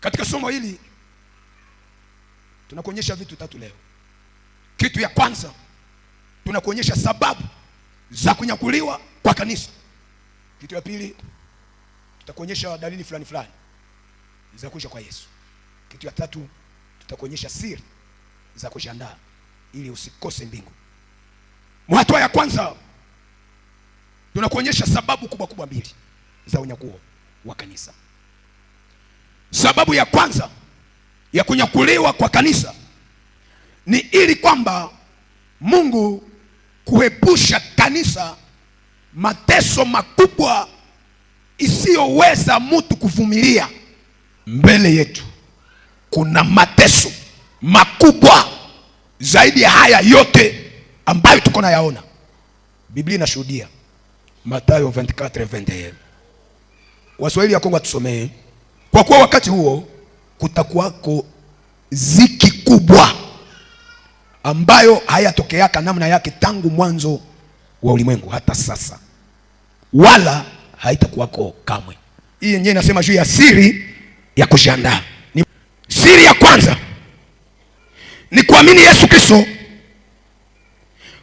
Katika somo hili tunakuonyesha vitu tatu leo. Kitu ya kwanza tunakuonyesha sababu za kunyakuliwa kwa kanisa. Kitu ya pili tutakuonyesha dalili fulani fulani za kuja kwa Yesu. Kitu ya tatu tutakuonyesha siri za kushandaa ili usikose mbingu. Hatua ya kwanza tunakuonyesha sababu kubwa kubwa mbili za unyakuo wa kanisa. Sababu ya kwanza ya kunyakuliwa kwa kanisa ni ili kwamba Mungu kuepusha kanisa mateso makubwa isiyoweza mtu kuvumilia. Mbele yetu kuna mateso makubwa zaidi ya haya yote ambayo tuko nayaona. Biblia inashuhudia Mathayo 24:21. Waswahili ya Kongo atusomee, kwa kuwa wakati huo kutakuwako ziki kubwa ambayo hayatokeaka namna yake tangu mwanzo wa ulimwengu hata sasa, wala haitakuwako kamwe. Hii yenyewe inasema juu ya siri ya kujiandaa. Ni siri ya kwanza ni kuamini Yesu Kristo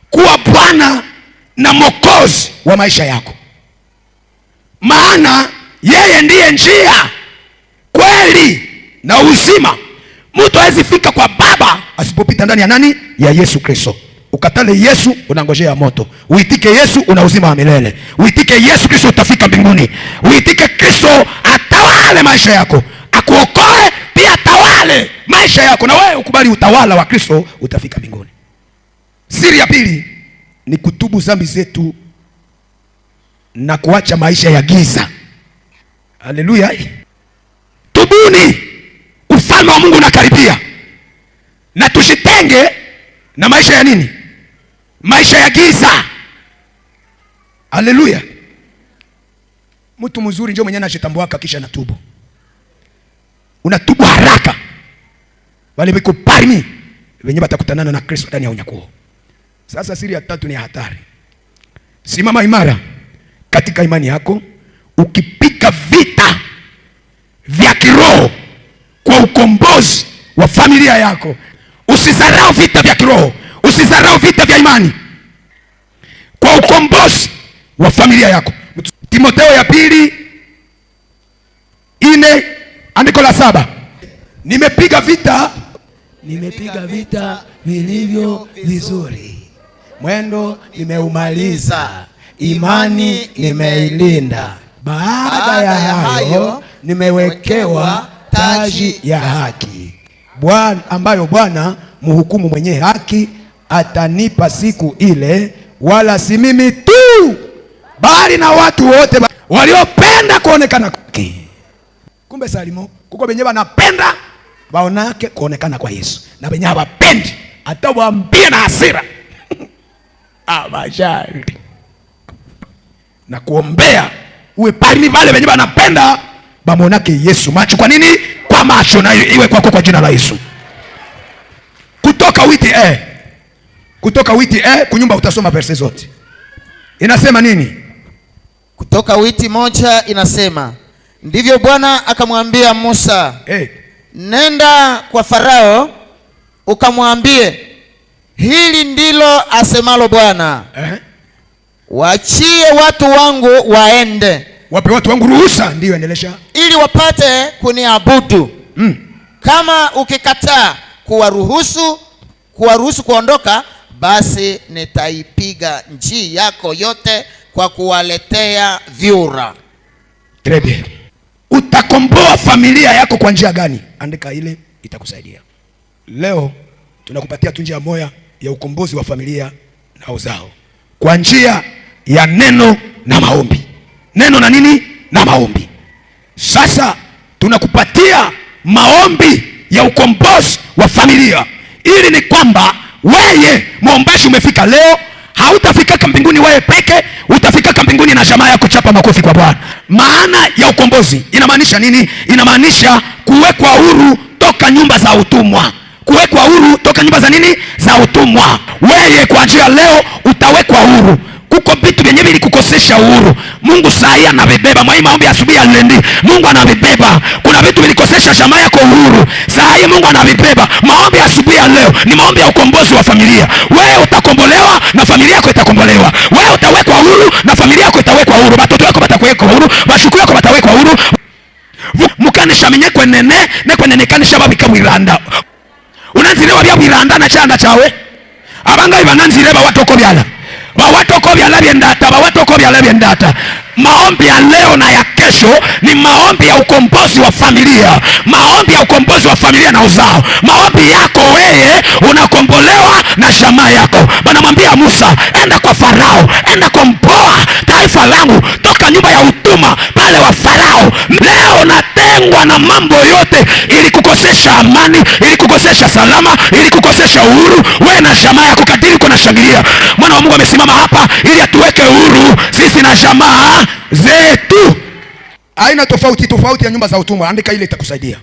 kuwa Bwana na Mwokozi wa maisha yako, maana yeye ndiye njia, kweli na uzima. Mtu hawezi fika kwa Baba asipopita ndani ya nani? Ya Yesu Kristo. Ukatale Yesu unangojea moto, uitike Yesu una uzima wa milele, uitike Yesu Kristo utafika mbinguni, uitike Kristo atawale maisha yako, akuokoe pia yale maisha yako, na wewe ukubali utawala wa Kristo, utafika mbinguni. Siri ya pili ni kutubu dhambi zetu na kuacha maisha ya giza. Haleluya! Tubuni, ufalme wa Mungu unakaribia, na tushitenge na maisha ya nini? Maisha ya giza. Haleluya! Mtu mzuri ndio mwenye anajitambuaka kisha natubu, unatubu haraka wiko parmi wenye watakutanana na Kristo ndani ya unyakuo. Sasa siri ya tatu ni ya hatari. Simama imara katika imani yako, ukipiga vita vya kiroho kwa ukombozi wa familia yako. Usizarau vita vya kiroho, usizarau vita vya imani kwa ukombozi wa familia yako. Timotheo ya pili ine andiko la saba nimepiga vita nimepiga vita vilivyo vizuri, mwendo nimeumaliza, imani nimeilinda. Baada ya hayo nimewekewa taji ya haki Bwana, ambayo Bwana mhukumu mwenye haki atanipa siku ile, wala si mimi tu, bali na watu wote waliopenda kuonekana kwake. Kumbe Salimo kuko benye wanapenda waonake kuonekana kwa Yesu na wenye hawapendi hata waambie na hasira abashari na kuombea uwe pali vale wenye wanapenda bamwonake Yesu macho. Kwa nini? Kwa macho na iwe kwako kwa jina la Yesu. Kutoka witi eh, kutoka witi eh, kunyumba utasoma verse zote inasema nini? Kutoka witi moja inasema ndivyo Bwana akamwambia Musa eh nenda kwa Farao ukamwambie, hili ndilo asemalo Bwana eh, watu wangu waende, wape watu wangu ruhusa, ndio endelesha, ili wapate kuniabudu mm. Kama ukikataa kuwaruhusu kuwaruhusu kuondoka, basi nitaipiga njia yako yote kwa kuwaletea vyura. Très bien. Utakomboa familia yako kwa njia gani? Andika ile, itakusaidia. Leo tunakupatia tu njia moja ya ukombozi wa familia na uzao kwa njia ya neno na maombi. Neno na nini? Na maombi. Sasa tunakupatia maombi ya ukombozi wa familia, ili ni kwamba wewe mwombaji umefika leo hautafikaka mbinguni wewe peke, utafikaka mbinguni na jamaa ya kuchapa makofi kwa Bwana. Maana ya ukombozi inamaanisha nini? Inamaanisha kuwekwa huru toka nyumba za utumwa, kuwekwa huru toka nyumba za nini? Za utumwa. Wewe kwa njia leo utawekwa huru hivi likukosesha uhuru. Mungu saa hii anavibeba. mwai maombi asubuhi alendi, Mungu anavibeba. Kuna vitu vilikosesha shamba yako uhuru, saa hii Mungu anavibeba. Maombi asubuhi ya leo ni maombi ya ukombozi wa familia. Wewe utakombolewa na familia yako itakombolewa. Wewe utawekwa uhuru na familia yako itawekwa uhuru. Watoto wako watakuwekwa uhuru, washuku yako watawekwa uhuru. mukanisha menye kwenene kwenene kanisha babika bwiranda unanzireba bya bwiranda na chanda chawe abangayi bananzireba watoko byala bawatoko byala byendata vyalavyendata maombi ya leo na ya kesho ni maombi ya ukombozi wa familia maombi ya ukombozi wa familia na uzao maombi yako weye unakombolewa na shamaa yako banamwambia musa enda kwa farao enda komboa taifa langu toka nyumba ya utuma pale wa farao leo na umetengwa na mambo yote ili kukosesha amani, ili kukosesha salama, ili kukosesha uhuru. We na jamaa yako kadiri uko nashangilia, mwana wa Mungu amesimama hapa ili atuweke uhuru sisi na jamaa zetu. Aina tofauti tofauti ya nyumba za utumwa, andika ile, itakusaidia.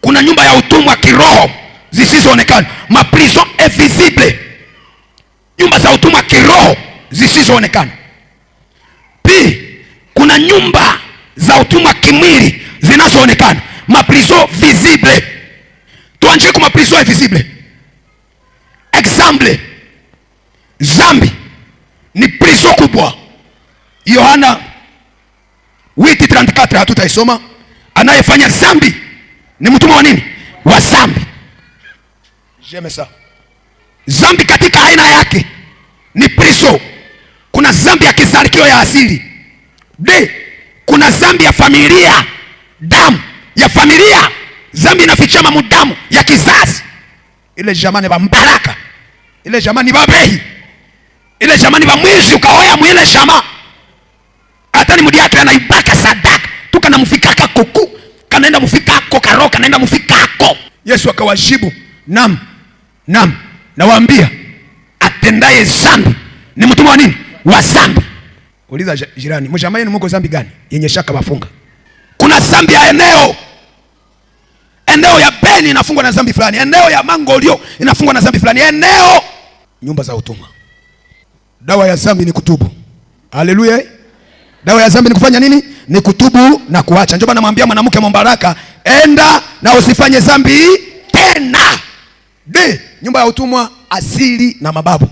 Kuna nyumba ya utumwa kiroho zisizoonekana, maprison invisible, nyumba za utumwa kiroho zisizoonekana. pi kuna nyumba za utumwa kimwili zisizoonekana, maprizo visible. Tuanjie kwa maprizo ya visible. Example, zambi ni prizo kubwa. Yohana 834 34 hatutaisoma. Anayefanya zambi ni mtumwa wa nini? Wa zambi. Jemesa. Zambi katika aina yake ni prizo. Kuna zambi ya kizalikio ya asili de, kuna zambi ya familia damu ya familia, zambi inafichama mu damu ya kizazi. Ile jamani ba mbaraka, ile jamani ba behi ile jamani ba mwizi, ukaoya mwile shama hata ni mudiatu anaibaka sadaka tuka tukana mufikaka kuku kanaenda mufikako karo kanaenda mufikako. Yesu akawajibu, nam nam, nawaambia atendaye zambi ni mtumwa wa nini? Wa zambi. Uliza jirani, mjama ni muko zambi gani yenye shaka wafunga kuna zambi ya eneo eneo ya Beni inafungwa na zambi fulani, eneo ya Mangolio inafungwa na zambi fulani, eneo nyumba za utumwa. Dawa ya zambi ni kutubu. Haleluya! Dawa ya zambi ni kufanya nini? Ni kutubu na kuacha. Ndio maana namwambia mwanamke mombaraka enda na usifanye zambi tena. D, nyumba ya utumwa, asili na mababu.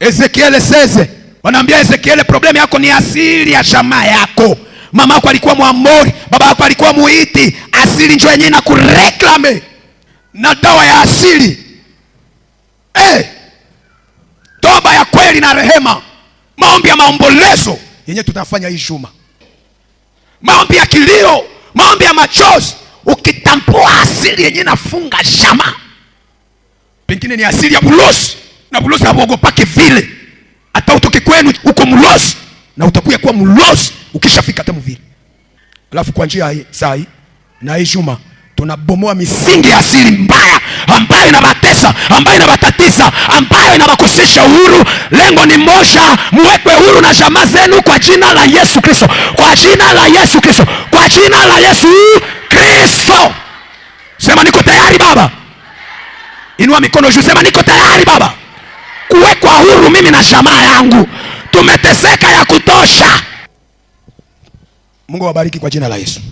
ezekiele seze wanaambia ezekiele problemu yako ni asili ya shamaa yako mama yako alikuwa Mwamori, baba yako alikuwa muiti Asili njo yenyewe na kureklame na dawa ya asili hey, toba ya kweli na rehema, maombi ya maombolezo yenyewe tutafanya hii juma, maombi ya kilio, maombi ya machozi. Ukitambua asili yenyewe nafunga shama, pengine ni asili ya Bulosi na Bulosi hawaogopake vile, hata utoke kwenu uko Mlosi na utakuya kuwa Mlosi ukishafika hata vile. Alafu kwa njia hii sai na hii juma tunabomoa misingi ya asili mbaya ambayo inabatesa, ambayo inabatatiza, ambayo inabakosesha uhuru. Lengo ni moja, muwekwe huru na jamaa zenu kwa jina la Yesu Kristo, kwa jina la Yesu Kristo, kwa jina la Yesu Kristo. Sema niko tayari Baba, inua mikono juu, sema niko tayari Baba kuwekwa huru, mimi na jamaa yangu tumeteseka ya kutosha. Mungu awabariki kwa jina la Yesu.